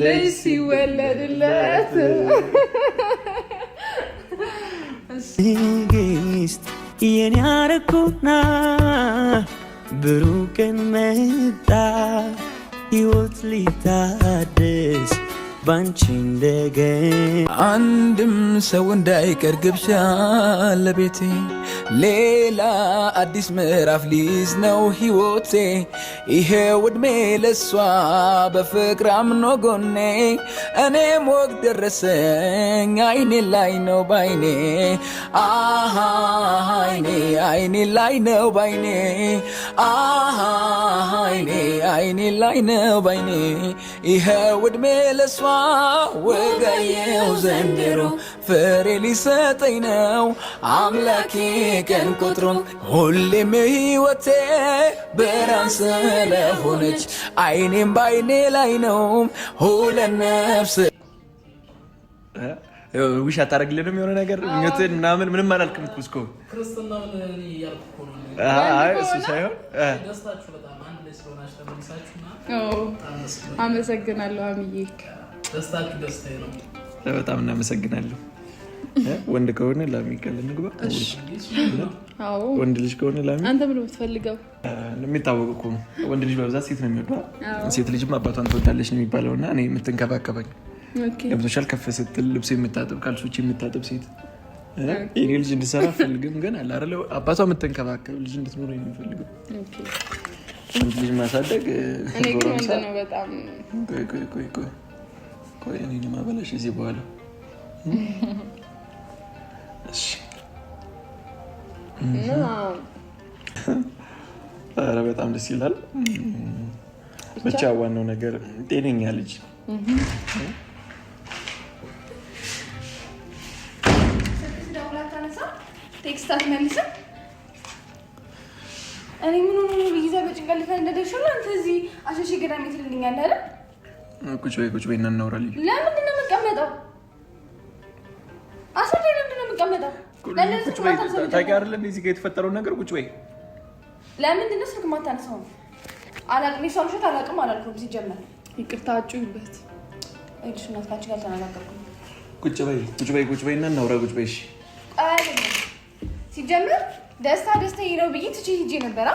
ልጅ ሲወለድለት ትዕግስት የኔ አረኩና መጣ ሊታደስ ባንቺ እንደገና አንድም ሰው እንዳይቀር ግብዣ ለቤቴ ሌላ አዲስ ምዕራፍ ሊይዝ ነው ሕይወቴ ይሄው ውድሜ ለሷ በፍቅር አምኖ ጎኔ እኔም ወግ ደረሰኝ አይኔ ላይ ነው ባይኔ አይኔ አይኔ ላይ ነው ባይኔ አይኔ አይኔ ላይ ነው ባይኔ ይሄው ዕድሜ ለሷ ወገየው ዘንድሮ ፍሬ ሊሰጠኝ ነው አምላኬ ቀን ቁጥሮ ሁሌም ሕይወቴ ብርሃን ስለሆነች አይኔም ባይኔ ላይ ነው ሁለት ነፍስ ውሽ አታደርግልንም የሆነ ነገር ምኞትን ምናምን ምንም አላልክም እኮ እሱ ሳይሆን አመሰግናለሁ አምዬ ደስታችሁ ደስታዬ ነው። በጣም እናመሰግናለሁ። ወንድ ከሆነ ላሚ ቃል እንግባ። ወንድ ልጅ ከሆነ ላሚ አንተ ብሎ የምትፈልገው የሚታወቁ እኮ ነው። ወንድ ልጅ በብዛት ሴት ነው የሚወዷ። ሴት ልጅም አባቷን ትወዳለች ነው የሚባለው እና እኔ የምትንከባከበኝ ገብቶሻል። ከፍ ስትል ልብስ የምታጥብ ካልሶች የምታጥብ ሴት የኔ ልጅ እንድሰራ ፈልግም። ግን አለ አይደለ አባቷ የምትንከባከብ ልጅ እንድትኖረ የሚፈልገው ወንድ ልጅ ማሳደግ ቆይ እኔ ማበላሽ እዚህ በኋላ ኧረ በጣም ደስ ይላል። ብቻ ዋናው ነገር ጤነኛ ልጅ ቴክስት አትመልስም። እኔ ምን ሆኖ ነው በጭንቀት ልታ እንደደሽ አንተ እዚህ አሸሼ ገዳሜ ትልልኛለህ አይደል? ቁጭ በይ ቁጭ በይ እና እናውራ። ልጅ ለምንድን ነው የምትቀመጠው? አስር ለምንድን ነው የምትቀመጠው? ታውቂያለሽ እዚህ ጋር የተፈጠረውን ነገር ቁጭ በይ። ለምንድን ነው ስልክ የማታነሳው? አላቅም የሷን ውሸት አላቅም አላልኩም። ሲጀመር ይቅርታ አጩበት እጅ እናትካችን ጋር ተናገርኩም። ቁጭ በይ ቁጭ በይ ቁጭ በይ እና እናውራ። ቁጭ በይ እሺ። ሲጀመር ደስታ ደስታ ነው ብዬ ትቼ ሂጄ ነበር።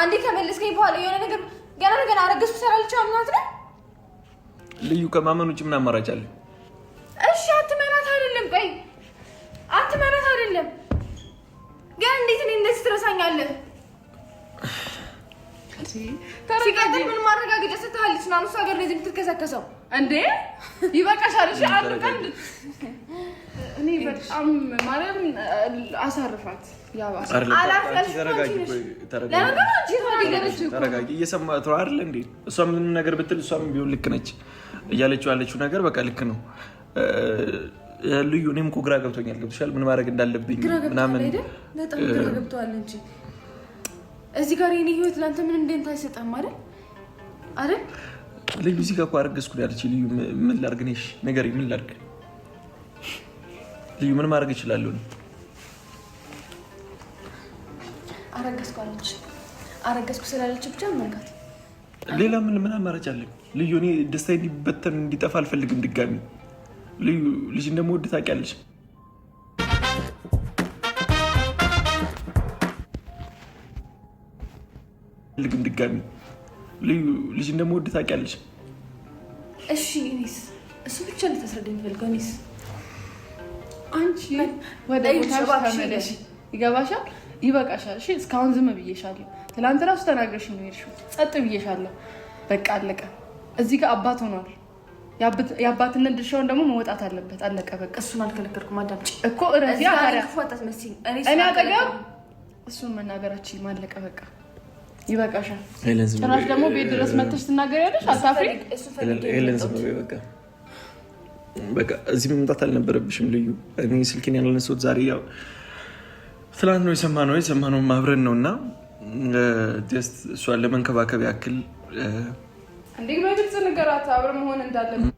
አንዴ ከመለስከኝ በኋላ የሆነ ነገር ገና ነገር አረገዝኩ ሰራልቻ ምናት ነው ልዩ ከማመን ውጭ ምን አማራጭ አለ? እሺ አትመራት አይደለም፣ ቆይ አትመራት አይደለም፣ ግን እንዴት እኔ እንደዚህ ትረሳኛለህ? ሲቀጥል ምን ማረጋገጫ ሰጥታለች? ና እሱ ሀገር ነዚህ የምትከሰከሰው እንዴ? ይበቃሻል። እሺ አንድ ቀን እኔ በጣም ማለት አሳርፋት ነው አይደል እንዴ? እሷ ምንም ነገር ብትል እሷም ቢሆን ልክ ነች። እያለችው ያለችው ነገር በቃ ልክ ነው። ልዩ እኔም እኮ ግራ ገብቶኛል። ገብቶሻል? ምን ማድረግ እንዳለብኝ ምናምን በጣም እንጂ እዚህ ጋር የኔ ህይወት ለአንተ ምን እንደንት አይሰጠም አይደል አይደል? ልዩ እዚህ ጋር እኮ አረገዝኩ ያለች ልዩ፣ ምን ላርግ? እሺ ነገር ምን ላርግ? ልዩ ምን ማድረግ እችላለሁ? አረገዝኩ አለች። አረገዝኩ ስላለች ብቻ መንካት፣ ሌላ ምን ምን አማራጭ አለኝ? ልዩ እኔ ደስታ እንዲበተን እንዲጠፋ አልፈልግም ድጋሚ። ልዩ ልጅ እንደምወድ ታውቂያለሽ። ልግም ድጋሚ። ልዩ ልጅ እንደምወድ ታውቂያለሽ። እሺ እኔስ እሱ ብቻ ልታስረዳኝ ፈልገው እኔስ አንቺ ወደ ቦታሽ ይገባሻል። ይበቃሻል። እሺ እስካሁን ዝም ብዬሻለሁ። ትላንት ራሱ ተናግረሽ ነው የሄድሽው። ጸጥ ብዬሻለሁ። በቃ አለቀ። እዚህ ጋር አባት ሆኗል። የአባትነት ድርሻውን ደግሞ መወጣት አለበት። አለቀ በቃ። እሱን አልከለከልኩም። አዳምጪ እኮ እኔ አጠገብ እሱን መናገራችን ማለቀ በቃ ይበቃሻል። ጭራሽ ደግሞ ቤት ድረስ መተሽ ትናገር ያለሽ አታፍሪ። በቃ እዚህ መምጣት አልነበረብሽም ልዩ። እኔ ስልኬን ያላነሳሁት ዛሬ ያው ትላንት ነው የሰማነው የሰማነው አብረን ነው እና ስ እሷን ለመንከባከብ ያክል እንዴ በግልጽ ንገራት አብረን መሆን እንዳለብን